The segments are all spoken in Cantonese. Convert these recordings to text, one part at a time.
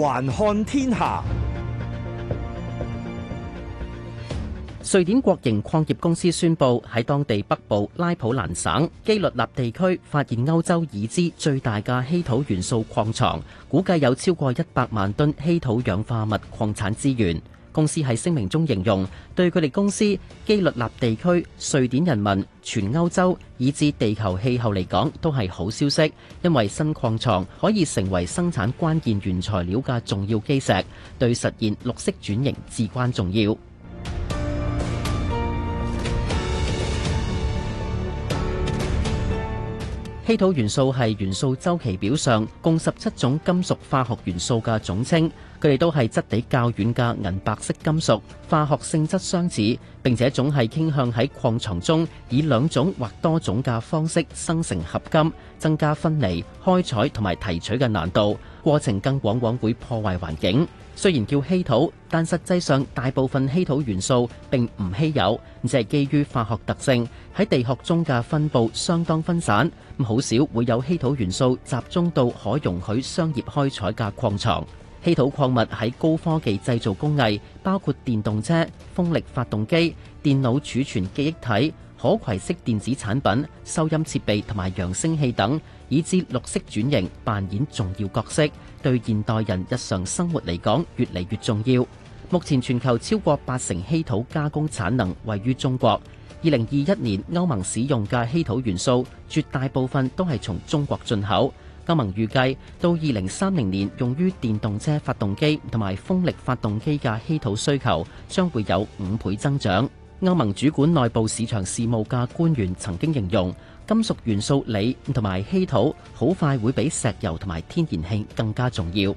環看天下，瑞典國營礦業公司宣佈喺當地北部拉普蘭省基律納地區發現歐洲已知最大嘅稀土元素礦床，估計有超過一百萬噸稀土氧化物礦產資源。公司喺聲明中形容，對佢哋公司、基律納地區、瑞典人民、全歐洲以至地球氣候嚟講，都係好消息，因為新礦床可以成為生產關鍵原材料嘅重要基石，對實現綠色轉型至關重要。稀土元素係元素週期表上共十七種金屬化學元素嘅總稱。佢哋都係質地較軟嘅銀白色金屬，化學性質相似，並且總係傾向喺礦床中以兩種或多種嘅方式生成合金，增加分離、開採同埋提取嘅難度。過程更往往會破壞環境。雖然叫稀土，但實際上大部分稀土元素並唔稀有，只係基於化學特性喺地殼中嘅分布相當分散，好少會有稀土元素集中到可容許商業開採嘅礦床。稀土礦物喺高科技製造工藝包括電動車風力發動機電腦儲存記憶體可携式電子產品收音設備同埋揚聲器等以至綠色轉型扮演重要角色對現代人日常生活嚟講越嚟越重要目前全球超過八成稀土加工產能位於中國二零二一年歐盟使用嘅稀土元素絕大部分都係從中國進口歐盟預計到二零三零年，用於電動車發動機同埋風力發動機嘅稀土需求將會有五倍增長。歐盟主管內部市場事務嘅官員曾經形容，金屬元素鋰同埋稀土好快會比石油同埋天然氣更加重要。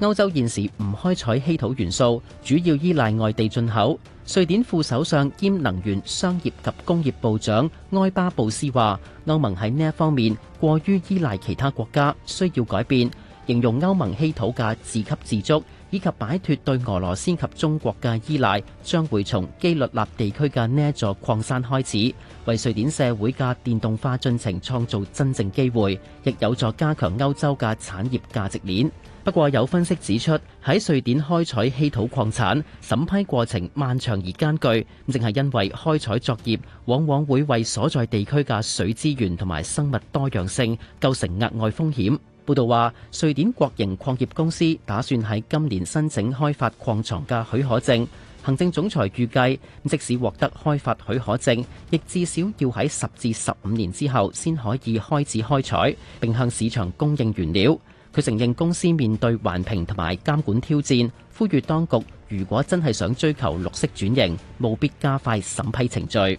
歐洲現時唔開採稀土元素，主要依賴外地進口。瑞典副首相兼能源、商業及工業部長埃巴布斯話：歐盟喺呢一方面過於依賴其他國家，需要改變，形容歐盟稀土嘅自給自足，以及擺脱對俄羅斯及中國嘅依賴，將會從基律納地區嘅呢一座礦山開始，為瑞典社會嘅電動化進程創造真正機會，亦有助加強歐洲嘅產業價值鏈。不過，有分析指出，喺瑞典開採稀土礦產，審批過程漫長而艱巨，咁正係因為開採作業往往會為所在地區嘅水資源同埋生物多樣性構成額外風險。報道話，瑞典國營礦業公司打算喺今年申請開發礦床嘅許可證。行政總裁預計，即使獲得開發許可證，亦至少要喺十至十五年之後先可以開始開採，並向市場供應原料。佢承認公司面對環評同埋監管挑戰，呼籲當局如果真係想追求綠色轉型，務必加快審批程序。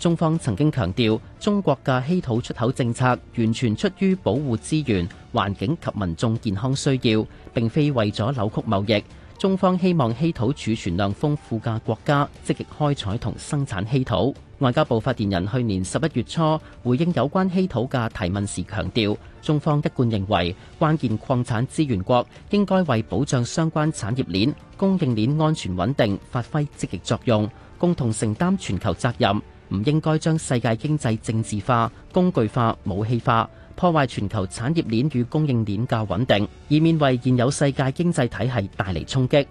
中方曾經強調，中國嘅稀土出口政策完全出於保護資源、環境及民眾健康需要，並非為咗扭曲貿易。中方希望稀土儲存量豐富嘅國家積極開採同生產稀土。外交部發言人去年十一月初回應有關稀土嘅提問時，強調中方一貫認為關鍵礦產資源國應該為保障相關產業鏈、供應鏈安全穩定，發揮積極作用，共同承擔全球責任。唔應該將世界經濟政治化、工具化、武器化，破壞全球產業鏈與供應鏈嘅穩定，以免為現有世界經濟體系帶嚟衝擊。